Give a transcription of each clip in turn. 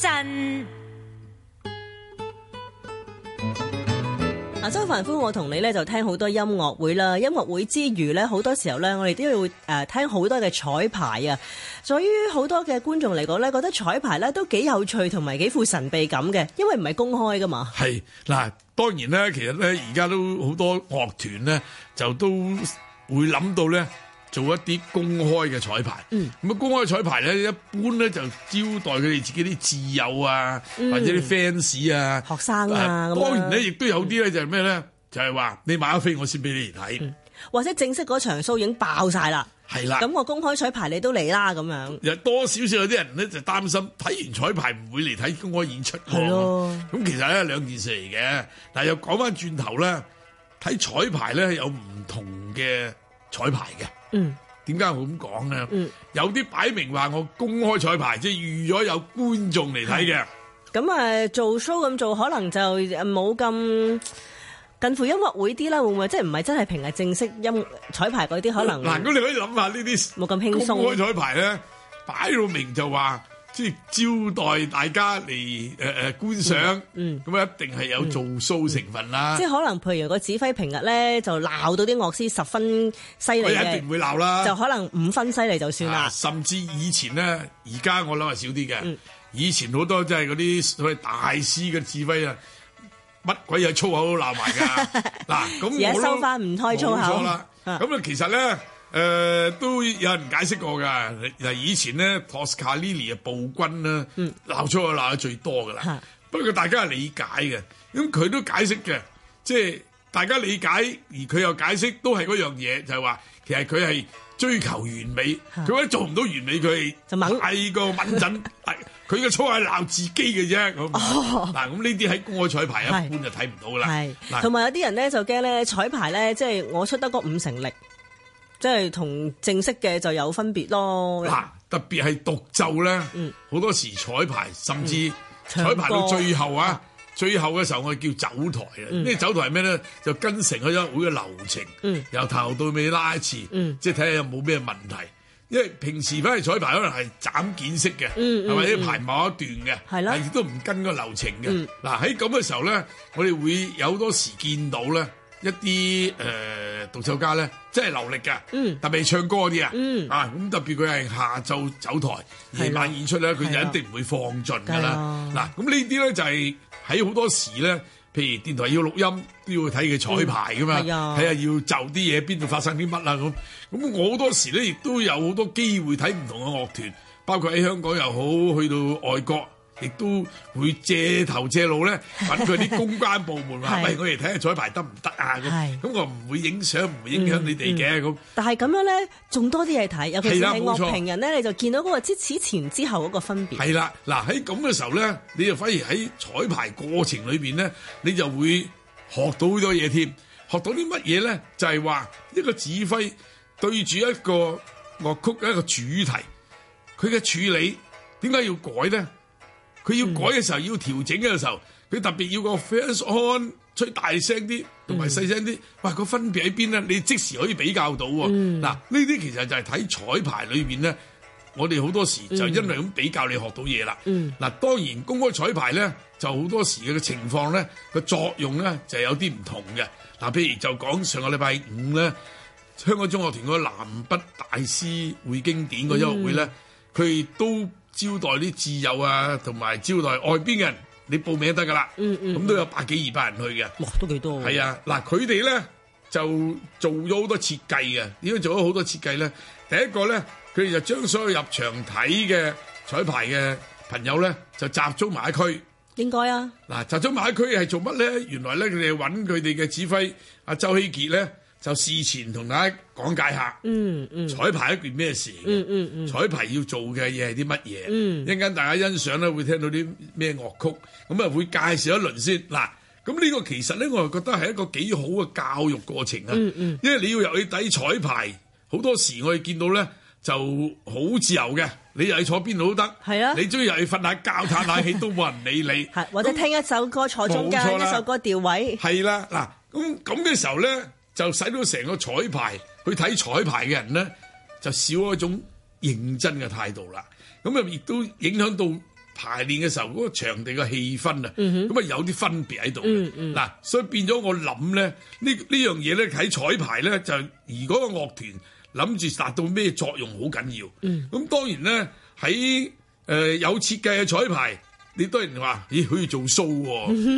真嗱，周凡夫，我同你咧就聽好多音樂會啦。音樂會之餘咧，好多時候咧，我哋都要誒聽好多嘅彩排啊。所以好多嘅觀眾嚟講咧，覺得彩排咧都幾有趣，同埋幾副神秘感嘅，因為唔係公開噶嘛。係嗱，當然咧，其實咧而家都好多樂團咧，就都會諗到咧。做一啲公開嘅彩排，咁、嗯、啊公開彩排咧，一般咧就招待佢哋自己啲摯友啊、嗯，或者啲 fans 啊、啊、啊、學生啊，當然咧亦都有啲咧就係咩咧，就係、是、話你買咗飛，我先俾你嚟睇，或者正式嗰場 show 已經爆晒、啊、啦，係啦，咁我公開彩排你都嚟啦咁樣。多少少有啲人咧就擔心睇完彩排唔會嚟睇公開演出、啊，係咯、啊，咁其實咧兩件事嚟嘅，但係又講翻轉頭咧，睇彩排咧有唔同嘅彩排嘅。嗯，點解會咁講咧？有啲擺明話我公開彩排，即係預咗有觀眾嚟睇嘅。咁啊，做 show 咁做，可能就冇咁近乎音樂會啲啦，會唔會？即係唔係真係平日正式音彩排嗰啲，可能嗱，如果你可以諗下呢啲，冇咁輕鬆。公開彩排咧，擺到明就話。即、就、係、是、招待大家嚟誒誒觀賞，嗯，咁、嗯、啊一定係有做 show、嗯嗯嗯、成分啦。即係可能譬如個指揮平日咧就鬧到啲樂師十分犀利嘅，一定唔會鬧啦。就可能五分犀利就算啦、啊。甚至以前咧，而家我諗係少啲嘅、嗯。以前好多即係嗰啲所謂大師嘅指揮啊，乜鬼嘢粗口都鬧埋噶。嗱、 啊，咁而家收翻唔開粗口啦。咁啊，其實咧。誒、呃，都有人解釋過噶。嗱，以前咧，Toscanini 啊，暴君啦，鬧、嗯、出嚟鬧得最多噶啦。不過大家理解嘅，咁佢都解釋嘅，即、就、係、是、大家理解，而佢又解釋，都係嗰樣嘢，就係、是、話其實佢係追求完美，佢一做唔到完美，佢就慢，第個穩陣，佢嘅粗係鬧自己嘅啫。嗱、哦，咁呢啲喺公開彩排一般就睇唔到啦。係，同埋有啲人咧就驚咧，彩排咧即係我出得嗰五成力。即係同正式嘅就有分別咯。嗱、啊，特別係獨奏咧，好、嗯、多時彩排，甚至彩排到最後啊，最後嘅時候我哋叫走台啊。呢、嗯、走台係咩咧？就跟成個音樂會嘅流程、嗯，由頭到尾拉一次，嗯、即係睇下有冇咩問題。因為平時翻嚟彩排，排可能係斬件式嘅，係咪啲排某一段嘅？係啦，亦都唔跟個流程嘅。嗱喺咁嘅時候咧，我哋會有多時見到咧。一啲誒獨奏家咧，真係流力嘅，嗯嗯啊，特別唱歌嗰啲啊，啊咁特別佢係下晝走台夜晚演出咧，佢就一定唔會放盡噶啦。嗱，咁呢啲咧就係喺好多時咧，譬如電台要錄音都要睇佢彩排噶嘛，睇下要就啲嘢邊度發生啲乜啦。咁。咁我好多時咧亦都有好多機會睇唔同嘅樂團，包括喺香港又好，去到外國。亦都會借頭借路咧，揾佢啲公關部門話，咪我哋睇下彩排得唔得啊？咁，咁我唔會影相，唔會影響，會影響、嗯、你哋嘅。咁、嗯嗯、但係咁樣咧，仲多啲嘢睇，尤其是樂評人咧，你就見到嗰個即此前之後嗰個分別。係啦，嗱喺咁嘅時候咧，你就反而喺彩排過程裏面咧，你就會學到好多嘢添。學到啲乜嘢咧？就係、是、話一個指揮對住一個樂曲嘅一個主題，佢嘅處理點解要改咧？佢要改嘅時候，嗯、要調整嘅時候，佢特別要個 fans on 吹大聲啲，同埋細聲啲，哇，個分別喺邊咧？你即時可以比較到喎、哦。嗱、嗯，呢啲其實就係睇彩排裏邊咧，我哋好多時就因為咁比較，你學到嘢啦。嗱、嗯嗯，當然公開彩排咧，就好多時嘅情況咧，個作用咧就有啲唔同嘅。嗱，譬如就講上個禮拜五咧，香港中學團個南北大師會經典個音樂會咧，佢、嗯、都。招待啲摯友啊，同埋招待外邊嘅人，你報名就得噶啦。咁、嗯嗯、都有百幾二百人去嘅，哇，都幾多係啊嗱。佢哋咧就做咗好多設計嘅，因為做咗好多設計咧，第一個咧佢哋就將所有入場睇嘅彩排嘅朋友咧就集中埋一區，應該啊嗱集中埋一區係做乜咧？原來咧佢哋揾佢哋嘅指揮阿周希杰咧。就事前同大家講解下，嗯嗯，彩排一件咩事嘅，嗯嗯嗯，彩排要做嘅嘢係啲乜嘢，嗯，一陣間大家欣賞咧，會聽到啲咩樂曲，咁啊會介紹一輪先，嗱，咁呢個其實咧，我係覺得係一個幾好嘅教育過程啊，嗯嗯，因為你要入去睇彩排，好多時我哋見到咧就好自由嘅，你入去坐邊度都得，係啊，你中意入去瞓下覺、嘆下氣都冇人理你，係，或者聽一首歌坐中間，一首歌調位，係啦，嗱，咁咁嘅時候咧。就使到成個彩排，去睇彩排嘅人咧，就少咗一種認真嘅態度啦。咁又亦都影響到排練嘅時候嗰個場地嘅氣氛啊。咁啊有啲分別喺度。嗱，所以變咗我諗咧，呢呢樣嘢咧，睇彩排咧，就如果嗰個樂團諗住達到咩作用好緊要。咁當然咧，喺誒有設計嘅彩排，你當然話咦可以做 show。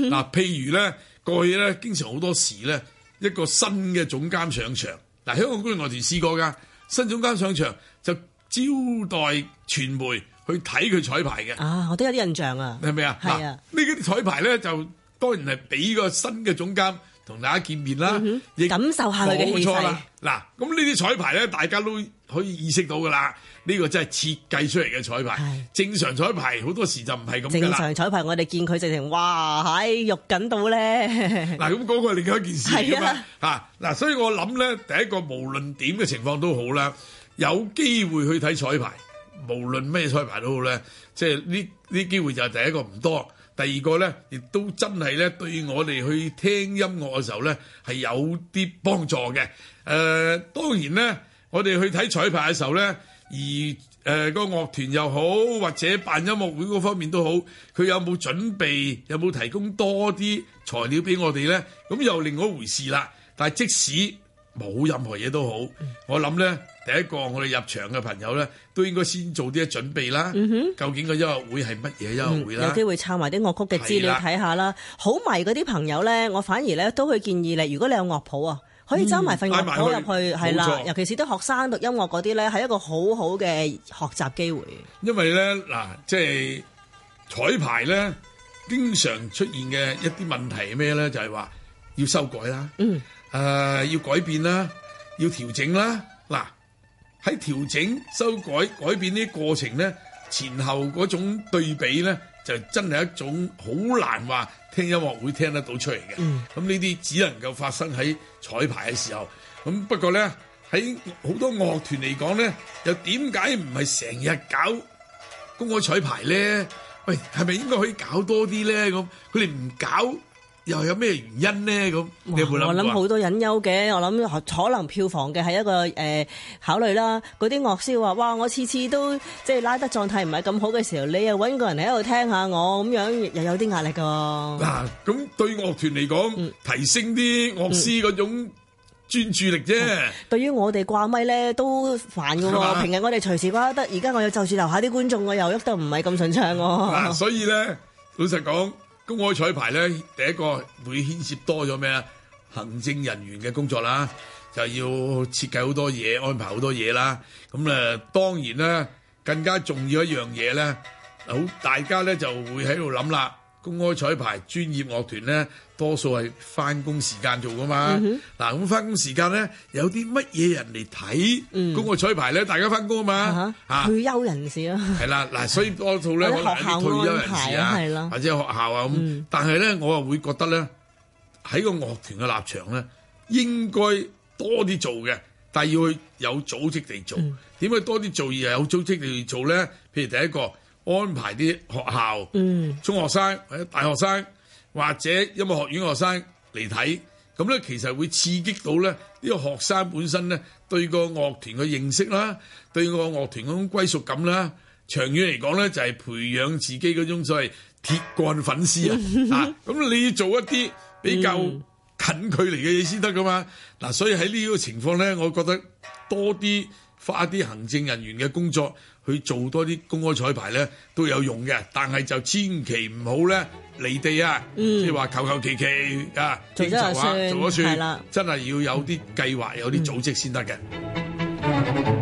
嗱，譬如咧過去咧經常好多時咧。一個新嘅總監上場，嗱，香港公眾我哋試過噶，新總監上場就招待傳媒去睇佢彩排嘅。啊，我都有啲印象啊，係咪啊？係啊，呢啲彩排咧就當然係俾個新嘅總監。同大家見面啦，嗯、感受下佢嘅氣勢。嗱，咁呢啲彩排咧，大家都可以意識到噶啦。呢、呢個真係設計出嚟嘅彩排，正常彩排好多時就唔係咁樣啦。正常彩排我哋見佢直情哇，喺肉緊到咧。嗱，咁嗰個係另一件事啊嘛。嗱，所以我諗咧，第一個無論點嘅情況都好啦，有機會去睇彩排，無論咩彩排都好咧，即係呢呢機會就係第一個唔多。第二個呢，亦都真係呢，對我哋去聽音樂嘅時候呢，係有啲幫助嘅。誒，當然呢，我哋去睇彩排嘅時候呢，而誒個樂團又好，或者辦音樂會嗰方面都好，佢有冇準備，有冇提供多啲材料俾我哋呢？咁又另一回事啦。但係即使冇任何嘢都好，我諗呢。第一個我哋入場嘅朋友咧，都應該先做啲準備啦。Mm-hmm. 究竟，個音樂會係乜嘢音樂會啦？嗯、有機會抄埋啲樂曲嘅資料睇下啦。好迷嗰啲朋友咧，我反而咧都會建議你，如果你有樂譜啊，可以揸埋份樂譜入去，係啦。尤其是啲學生讀音樂嗰啲咧，係一個好好嘅學習機會。因為咧嗱，即、啊、係、就係、彩排咧，經常出現嘅一啲問題係咩咧？就係、是、話要修改啦，誒、嗯呃，要改變啦，要調整啦，嗱、啊。喺調整、修改、改變啲過程咧，前後嗰種對比咧，就真係一種好難話聽音樂會聽得到出嚟嘅。嗯。咁呢啲只能夠發生喺彩排嘅時候。咁不過咧，喺好多樂團嚟講咧，又點解唔係成日搞公開彩排咧？喂，係咪應該可以搞多啲咧？咁佢哋唔搞。又有咩原因咧？咁我諗好多隱憂嘅，我諗可能票房嘅係一個誒考慮啦。嗰啲樂師話，哇！我次次都即係拉得狀態唔係咁好嘅時候，你又搵個人嚟喺度聽下我，咁樣又有啲壓力噶。嗱，咁對樂團嚟講，提升啲樂師嗰種專注力啫。對於我哋掛咪咧都煩噶，平日我哋隨時掛得，而家我要就住留下啲觀眾，我又郁得唔係咁順暢。嗱，所以咧，老實講。公開彩排咧，第一個會牽涉多咗咩啊？行政人員嘅工作啦，就要設計好多嘢，安排好多嘢啦。咁咧，當然啦，更加重要一樣嘢咧，好大家咧就會喺度諗啦。公開彩排專業樂團呢，多數係翻工時間做㗎嘛。嗱，咁，翻工時間呢，有啲乜嘢人嚟睇？公開彩排呢，大家翻工㗎嘛。退休人士啊。係啦，嗱，所以多數呢，我唔知退休人士啊。Mm -hmm. 安排啲學校、中學生或者大學生或者音樂學院學生嚟睇，咁咧其實會刺激到咧呢個學生本身咧對個樂團嘅認識啦，對個樂團嗰種歸屬感啦，長遠嚟講咧就係培養自己嗰種所謂鐵桿粉絲啊！咁 你要做一啲比較近距離嘅嘢先得噶嘛？嗱，所以喺呢個情況咧，我覺得多啲。花一啲行政人員嘅工作去做多啲公開彩排咧都有用嘅，但係就千祈唔好咧離地啊，即係話求求其其啊，做咗算，做咗算，真係要有啲計劃、有啲組織先得嘅。嗯嗯。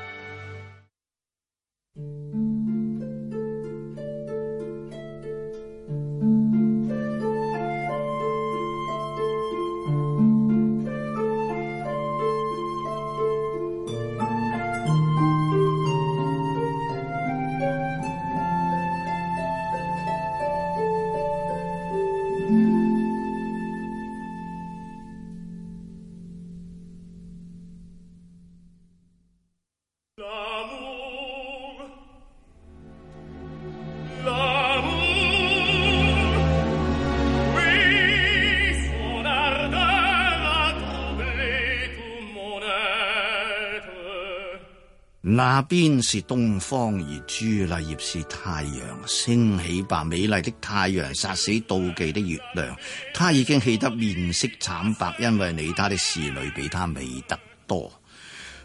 那邊是東方，而朱麗葉是太陽，升起吧，美麗的太陽，殺死妒忌的月亮。她已經氣得面色慘白，因為你她的侍女比她美得多。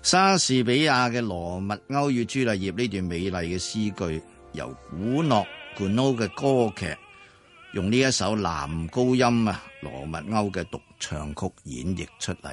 莎士比亞嘅《羅密歐與朱麗葉》呢段美麗嘅詩句，由古諾、冠歐嘅歌劇，用呢一首男高音啊羅密歐嘅獨唱曲演繹出嚟。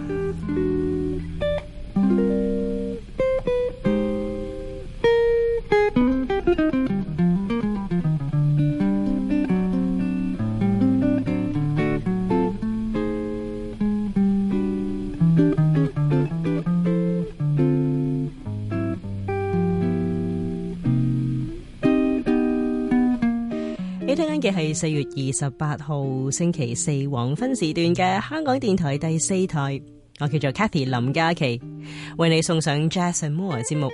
係四月二十八號星期四黃昏時段嘅香港電台第四台，我叫做 Kathy 林嘉琪，為你送上 Jazz and Moore 節目，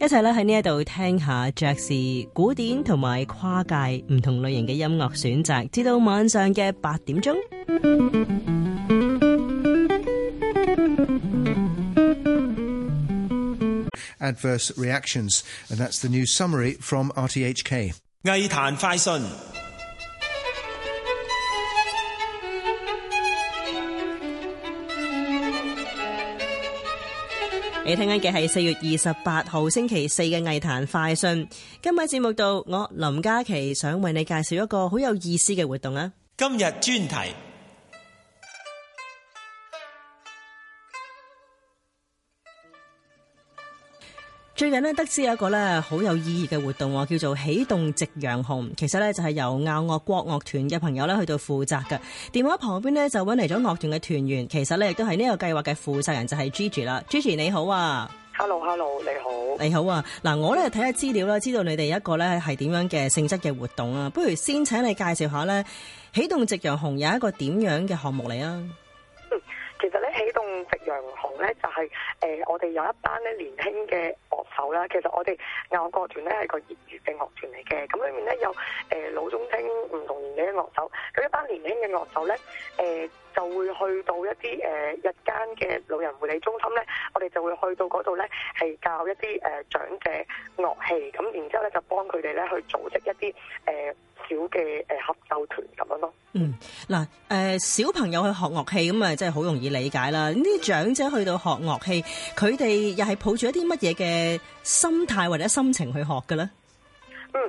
一齊咧喺呢一度聽下爵士、古典同埋跨界唔同類型嘅音樂選擇，至到晚上嘅八點鐘。Adverse reactions，and that's the news summary from RTHK 藝壇快訊。你聽緊嘅係四月二十八號星期四嘅藝壇快訊。今日節目到，我林嘉琪想為你介紹一個好有意思嘅活動啊！今日專題。最近咧得知有一個咧好有意義嘅活動，叫做起動夕陽紅。其實咧就係由澳樂國樂團嘅朋友咧去到負責嘅。電話旁邊咧就揾嚟咗樂團嘅團員，其實咧亦都係呢個計劃嘅負責人就係、是、Gigi 啦。Gigi 你好啊，Hello Hello 你好，你好啊。嗱我咧睇下資料啦，知道你哋一個咧係點樣嘅性質嘅活動啊。不如先請你介紹下咧，起動夕陽紅有一個點樣嘅項目嚟啊？長虹咧就係誒，我哋有一班咧年輕嘅樂手啦。其實我哋牛角團咧係個業餘嘅樂團嚟嘅，咁裏面咧有誒老中青唔同年紀嘅樂手。咁一班年輕嘅樂手咧，誒就會去到一啲誒日間嘅老人護理中心咧，我哋就會去到嗰度咧，係教一啲誒長者樂器，咁然之後咧就幫佢哋咧去組織一啲誒，小嘅誒合奏團咁樣咯。嗯，嗱，誒小朋友去學樂器咁啊，真係好容易理解啦。呢啲長者去到學樂器，佢哋又係抱住一啲乜嘢嘅心態或者心情去學嘅咧？嗯，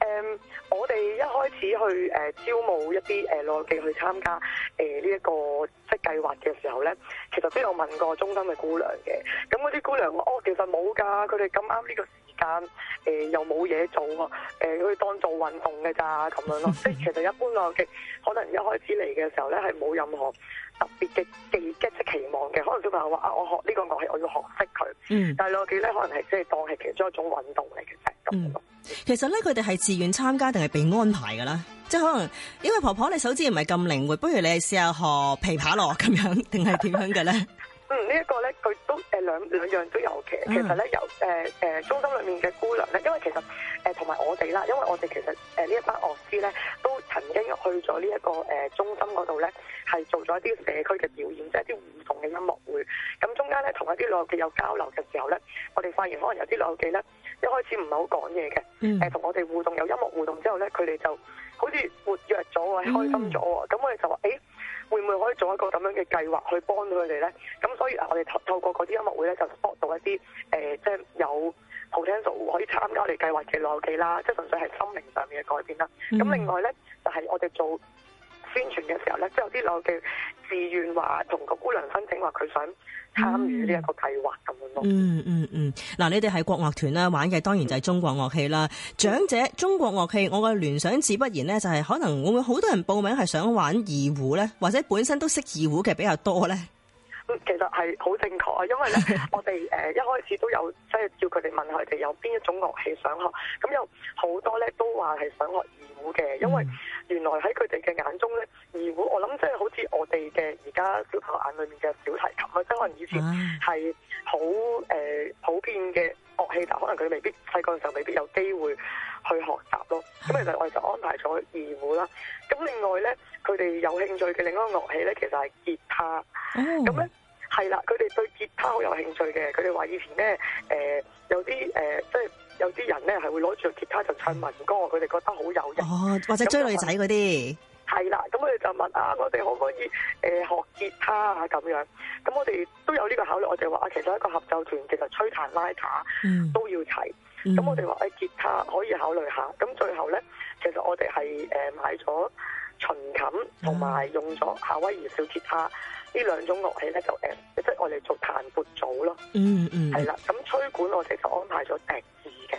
誒，我哋一開始去誒招募一啲誒內地去參加誒呢一個即係計劃嘅時候咧，其實都有問過中心嘅姑娘嘅。咁嗰啲姑娘，哦其實冇噶，佢哋咁啱呢個。間誒、呃、又冇嘢做喎，誒、呃、可以當做運動嘅咋咁樣咯，即 係其實一般樂器可能一開始嚟嘅時候咧係冇任何特別嘅動機即期望嘅，可能小朋友話啊我學呢個樂器，我要學識佢，嗯、但係樂器咧可能係即係當係其中一種運動嚟嘅啫。其實咧佢哋係自願參加定係被安排噶啦，即係可能因為婆婆你手指唔係咁靈活，不如你試下學琵琶咯，咁樣定係點樣嘅咧？ 嗯，這個、呢一個咧，佢都誒兩樣都有嘅。其實咧，由誒、呃呃、中心裏面嘅姑娘咧，因為其實誒同埋我哋啦，因為我哋其實誒、呃、呢一班樂師咧，都曾經去咗呢一個誒、呃、中心嗰度咧，係做咗一啲社區嘅表演，即係啲唔同嘅音樂會。咁中間咧，同一啲老友記有交流嘅時候咧，我哋發現可能有啲老友記咧，一開始唔係好講嘢嘅，同、嗯呃、我哋互動有音樂互動之後咧，佢哋就好似活躍咗喎，開心咗喎。咁、嗯、我哋就話誒。誒會唔會可以做一個咁樣嘅計劃去幫佢哋咧？咁所以啊，我哋透透過嗰啲音樂會咧、呃，就 support 到一啲誒，即係有好 a l 可以參加我哋計劃嘅內器啦，即、就、係、是、純粹係心靈上面嘅改變啦。咁另外咧，就係、是、我哋做。宣傳嘅時候咧，即係有啲老嘅自願話同個姑娘申請話佢想參與呢一個計劃咁樣咯。嗯嗯嗯，嗱、嗯嗯，你哋係國樂團啦，玩嘅當然就係中國樂器啦。長者中國樂器，我嘅聯想自不然呢，就是，就係可能會唔會好多人報名係想玩二胡咧，或者本身都識二胡嘅比較多咧？ 其實係好正確啊，因為咧，我哋誒一開始都有即係、就是、叫佢哋問佢哋有邊一種樂器想學，咁有好多咧都話係想學二胡嘅，因為原來喺佢哋嘅眼中咧，二胡我諗即係好似我哋嘅而家小朋友眼裏面嘅小提琴啊，即係可能以前係好誒普遍嘅。樂器，但可能佢未必細個嘅時候未必有機會去學習咯。咁其實我哋就安排咗二胡啦。咁另外咧，佢哋有興趣嘅另一個樂器咧，其實係吉他。咁咧係啦，佢哋對吉他好有興趣嘅。佢哋話以前咧，誒、呃、有啲誒，即、呃、係、就是、有啲人咧係會攞住吉他就唱民歌，佢哋覺得好有～哦，或者追女仔嗰啲、就是。係啦，咁我哋就問啊，我哋可唔可以誒、呃、學吉他啊咁樣？咁我哋都有呢個考慮，我哋話啊，其實一個合奏團，其實吹彈拉卡都要齊。咁、嗯、我哋話誒，吉他可以考慮下。咁最後咧，其實我哋係誒買咗秦琴，同埋用咗夏威夷小吉他兩樂呢兩種樂器咧，就誒、呃、即係我哋做彈撥組咯。嗯嗯，係啦，咁吹管我哋就安排咗笛子嘅。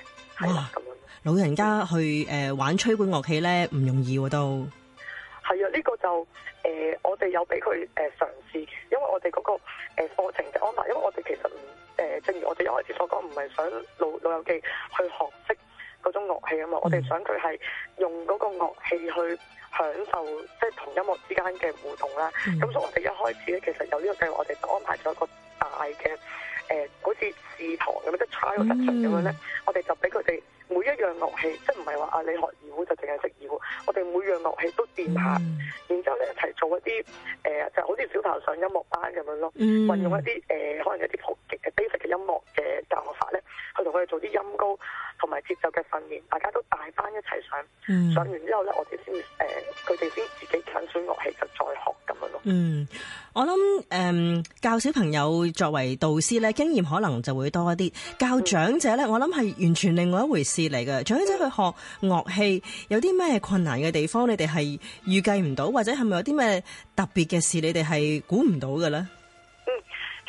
啦、哦、咁老人家去誒、呃、玩吹管樂器咧唔容易都、啊。係啊，呢、這個就誒、呃，我哋有俾佢誒嘗試，因為我哋嗰、那個誒、呃、課程嘅安排，因為我哋其實唔、呃、正如我哋一開始所講，唔係想老老友記去學識嗰種樂器啊嘛，我哋想佢係用嗰個樂器去享受，即係同音樂之間嘅互動啦。咁、嗯、所以我哋一開始咧，其實有呢個計劃，我哋就安排咗一個大嘅誒，好、呃、似試堂咁樣，即係 try 出咁樣咧，我哋就俾佢哋。每一樣樂器，即係唔係話啊，你學二胡就淨係識二胡。我哋每一樣樂器都掂下，嗯、然之後咧一齊做一啲誒、呃，就好似小朋友上音樂班咁樣咯、嗯。運用一啲誒、呃，可能一啲普及嘅 basic 嘅音樂嘅教學法咧，去同佢哋做啲音高同埋節奏嘅訓練。大家都大班一齊上、嗯，上完之後咧，我哋先誒，佢哋先自己揀選樂器就再學咁樣咯。嗯，我諗誒、呃、教小朋友作為導師咧，經驗可能就會多一啲。教長者咧，我諗係完全另外一回事。嗯嗯嚟嘅，仲有就去學樂器有啲咩困難嘅地方，你哋係預計唔到，或者係咪有啲咩特別嘅事，你哋係估唔到嘅咧？嗯，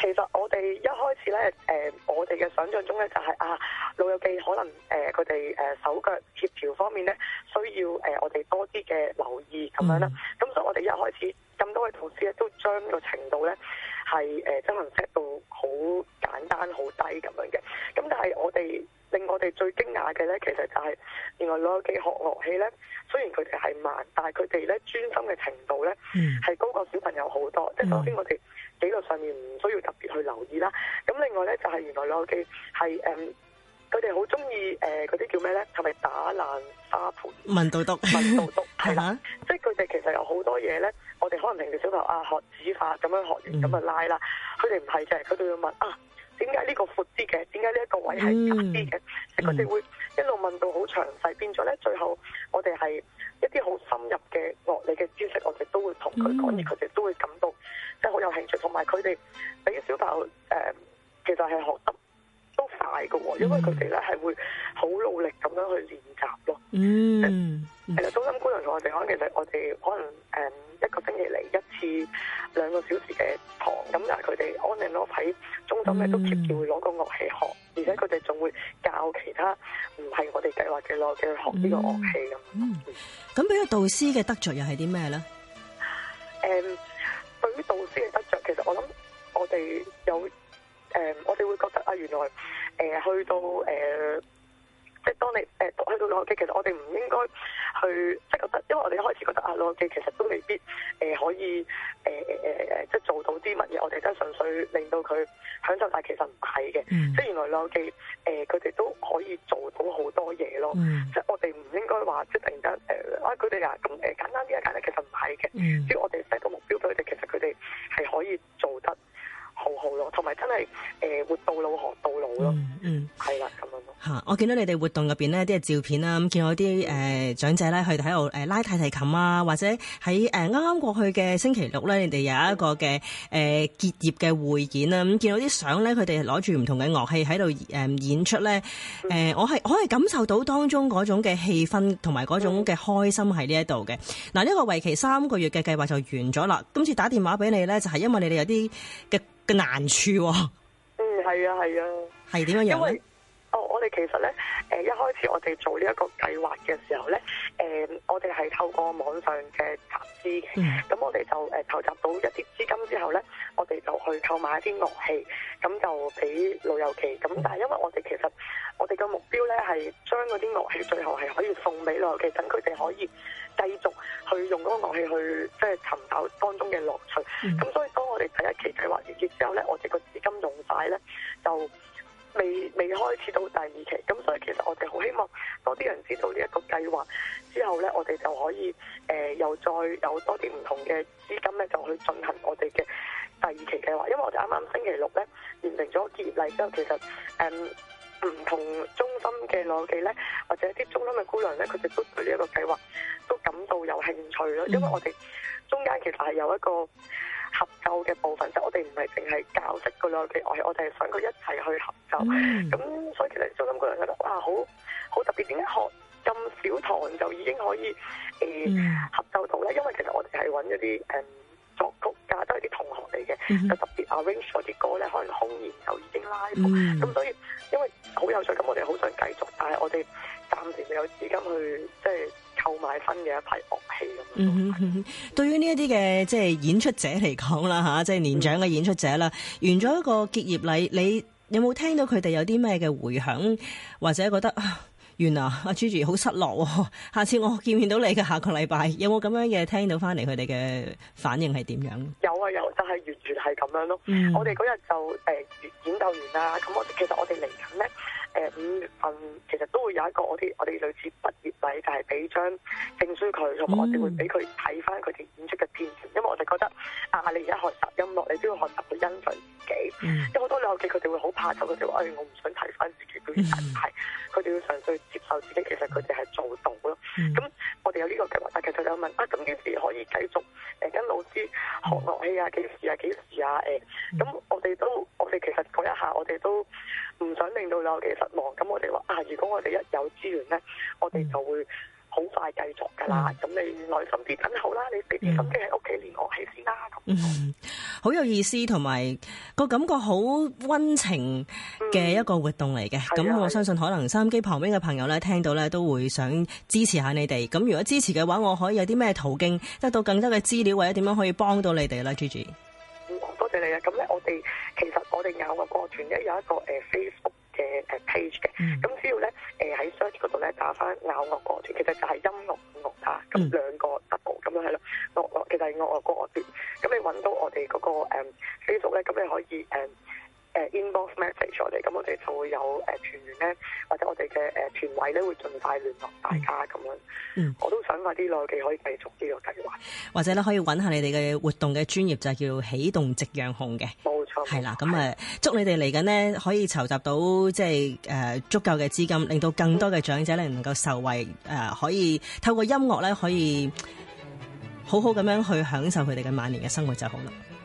其實我哋一開始咧，誒、呃，我哋嘅想象中咧就係、是、啊，老友記可能誒佢哋誒手腳協調方面咧需要誒、呃、我哋多啲嘅留意咁、嗯、樣啦。咁所以，我哋一開始咁多位同事咧，都將個程度咧係誒進行 set 到好簡單、好低咁樣嘅。咁但係我哋。令我哋最驚訝嘅咧，其實就係原來老友記學樂器咧，雖然佢哋係慢，但係佢哋咧專心嘅程度咧，係、嗯、高過小朋友好多。嗯、即係首先我哋紀律上面唔需要特別去留意啦。咁另外咧，就係、是、原來老友記係佢哋好中意誒，嗰、嗯、啲、呃、叫咩咧？係、就、咪、是、打爛花盆？問到篤問到篤係 啦， 即係佢哋其實有好多嘢咧，我哋可能平時小朋友啊學指法咁樣學完咁啊、嗯、拉啦，佢哋唔係嘅，佢哋要問啊。點解呢個闊啲嘅？點解呢一個位係窄啲嘅？其實佢哋會一路問到好詳細，變咗咧最後我哋係一啲好深入嘅樂理嘅知識，我哋都會同佢講，而佢哋都會感到都好有興趣，同埋佢哋俾小朋友誒、呃，其實係學得都快㗎喎，因為佢哋咧係會好努力咁樣去練習咯。嗯，其實中、嗯、心姑娘同我哋講，其實我哋可能。是兩個小時嘅堂，咁但係，佢哋安寧咯喺中等咧都貼住會攞個樂器學，嗯、而且佢哋仲會教其他唔係我哋計劃嘅樂嘅去學呢個樂器咁。咁、嗯嗯嗯，對於導師嘅得着又係啲咩咧？誒，對於導師嘅得着，其實我諗我哋有誒、嗯，我哋會覺得啊，原來誒、呃、去到誒。呃即係當你誒讀喺度樂器，其實我哋唔應該去即係覺得，因為我哋開始覺得啊，樂器其實都未必誒、呃、可以誒、呃呃、即做到啲乜嘢，我哋真係純粹令到佢享受，但其實唔係嘅。嗯、即原來樂器誒，佢、呃、哋都可以做到好多嘢咯。嗯、即我哋唔應該話即係突然間啊，佢哋啊咁誒簡單啲簡單，其實唔係嘅。嗯、即要我哋 set 個目標俾佢哋，其實佢哋係可以做得。好好咯，同埋真係誒、呃、活到老學到老咯，嗯，係、嗯、啦，咁樣咯吓。我見到你哋活動入邊呢啲嘅照片啦，咁見到啲誒長者咧，佢哋喺度拉大提琴啊，或者喺誒啱啱過去嘅星期六咧，你哋有一個嘅誒、嗯、結業嘅會演啦，咁見到啲相咧，佢哋攞住唔同嘅樂器喺度演出咧，誒、嗯呃、我係我係感受到當中嗰種嘅氣氛同埋嗰種嘅開心喺呢一度嘅。嗱、嗯、呢、這個為期三個月嘅計劃就完咗啦，今次打電話俾你咧，就係因為你哋有啲嘅。嘅難處、哦，嗯，係啊，係啊，係點樣樣咧？我其實咧，一開始我哋做呢一個計劃嘅時候咧、嗯，我哋係透過網上嘅集資，咁、嗯、我哋就、呃、投收集到一啲資金之後咧，我哋就去購買一啲樂器，咁就俾老友記。咁但係因為我哋其實我哋嘅目標咧係將嗰啲樂器最後係可以送俾老友記，等佢哋可以繼續去用嗰個樂器去即係尋找當中嘅樂趣。咁、嗯、所以當我哋第一期計劃完結之後咧，我哋個資金用晒咧就。未未開始到第二期，咁所以其實我哋好希望多啲人知道呢一個計劃之後呢，我哋就可以、呃、又再有多啲唔同嘅資金呢，就去進行我哋嘅第二期計劃。因為我哋啱啱星期六呢，完成咗結業禮之後，其實誒、嗯、唔同中心嘅老記呢，或者啲中心嘅姑娘呢，佢哋都對呢一個計劃都感到有興趣咯。因為我哋中間其實係有一個。合奏嘅部分就是、我哋唔係淨係教識佢咯，其外我哋係想佢一齊去合奏。咁、mm-hmm. 所以其實就咁個人覺得哇，好好特別。點解學咁少堂就已經可以誒、呃 yeah. 合奏到咧？因為其實我哋係揾咗啲誒作曲家，都係啲同學嚟嘅，mm-hmm. 就特別 arrange 咗啲歌咧，可能空弦就已經拉到。咁、mm-hmm. 所以因為好有趣，咁我哋好想繼續，但係我哋暫時未有資金去即係。購買新嘅一排樂器咁。嗯哼哼對於呢一啲嘅即係演出者嚟講啦，吓即係年長嘅演出者啦、嗯，完咗一個結業禮，你有冇聽到佢哋有啲咩嘅回響，或者覺得，原來阿 Gigi 好失落喎，下次我見唔見到你嘅下個禮拜，有冇咁樣嘅聽到翻嚟佢哋嘅反應係點樣？有啊有，就係、是、完全係咁樣咯、嗯。我哋嗰日就誒、呃、演奏完啦，咁我其實我哋嚟緊咧。誒、呃，五月份其實都會有一個我哋我哋類似畢業禮，就係俾張證書佢，同埋我哋會俾佢睇翻佢哋演出嘅片段，因為我哋覺得啊，你而家學習音樂，你都要學習去欣賞自己。嗯、因係好多嘅，佢哋會好怕醜，佢哋話：誒，我唔想睇翻自己表演係唔係？佢哋、嗯、要嘗試接受自己，其實佢哋係做到咯。咁、嗯、我哋有呢個計劃，但其實有人問啊，咁幾時可以繼續？誒、呃，跟老師學樂器啊，幾時啊，幾時啊？誒、呃、咁、嗯、我哋都，我哋其實講一下，我哋都。唔想令到有嘅失望，咁我哋話啊，如果我哋一有資源呢、嗯，我哋就會好快繼續㗎啦。咁、嗯、你耐心啲等好啦，你俾啲心機喺屋企練樂器先啦。嗯，好有意思，同埋個感覺好溫情嘅一個活動嚟嘅。咁、嗯、我相信可能收音機旁邊嘅朋友呢，聽到呢都會想支持下你哋。咁如果支持嘅話，我可以有啲咩途徑得到更多嘅資料，或者點樣可以幫到你哋呢？Gigi。嘅嚟啊，咁咧我哋其實，我哋咬樂國團咧有一個誒 Facebook 嘅誒 page 嘅。咁、嗯、只要咧誒喺 search 嗰度咧打返咬樂國團，其實就係音樂樂啊，咁兩個 double 咁樣係咯，樂樂其實係我樂國團，咁你揾到我哋嗰、那個、嗯、Facebook 咧，咁你可以誒。嗯 inbox message 我哋咁，我哋就會有誒團員咧，或者我哋嘅誒團委咧，會盡快聯絡大家咁樣。嗯，我都想話呢個期可以繼續呢個計劃，或者咧可以揾下你哋嘅活動嘅專業，就係叫起動夕陽控嘅，冇錯。係啦，咁啊、嗯，祝你哋嚟緊呢，可以籌集到即係、就是呃、足夠嘅資金，令到更多嘅長者咧、嗯、能夠受惠、呃、可以透過音樂咧可以好好咁樣去享受佢哋嘅晚年嘅生活就好啦。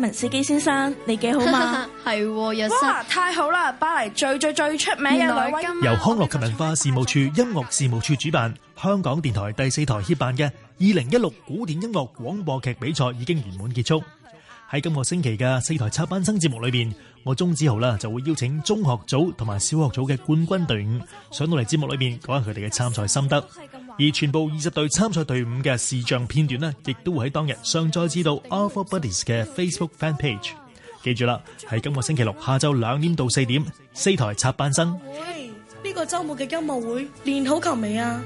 文司機先生，你幾好嘛？係、 哦、哇，太好啦！巴黎最最最出名嘅兩位。由康樂及文化事務處音樂事務處主辦，香港電台第四台協辦嘅二零一六古典音樂廣播劇比賽已經圓滿結束。喺今個星期嘅四台插班生節目裏邊，我鍾子豪啦就會邀請中學組同埋小學組嘅冠軍隊伍上到嚟節目裏邊講下佢哋嘅參賽心得。而全部二十隊參賽隊伍嘅視像片段咧，亦都會喺當日上載至到 Alpha Buddies 嘅 Facebook Fan Page。記住啦，喺今個星期六下晝兩點到四點，四台插班生。喂，呢個周末嘅音樂會練好琴未啊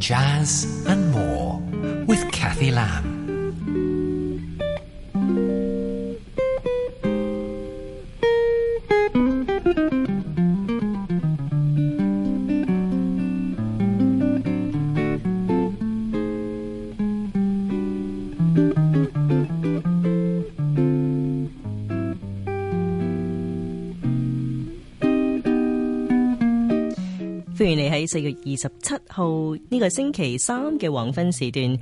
？Jazz and more with Kathy Lam。歡迎你喺四月二十七號呢個星期三嘅黃昏時段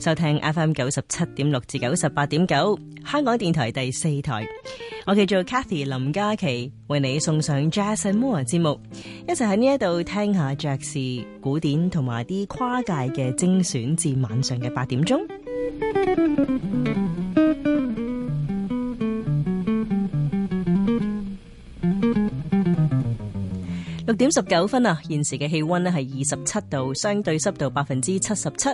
收聽 FM 九十七點六至九十八點九香港電台第四台，我叫做 Cathy 林嘉琪，為你送上 Jazz and More 節目，一齊喺呢一度聽下爵士古典同埋啲跨界嘅精選，至晚上嘅八點鐘。點十九分啊，現時嘅氣温咧係二十七度，相對濕度百分之七十七。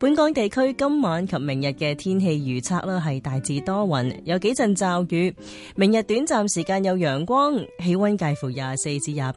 本港地區今晚及明日嘅天氣預測咧係大致多雲，有幾陣驟雨。明日短暫時間有陽光，氣温介乎廿四至廿八。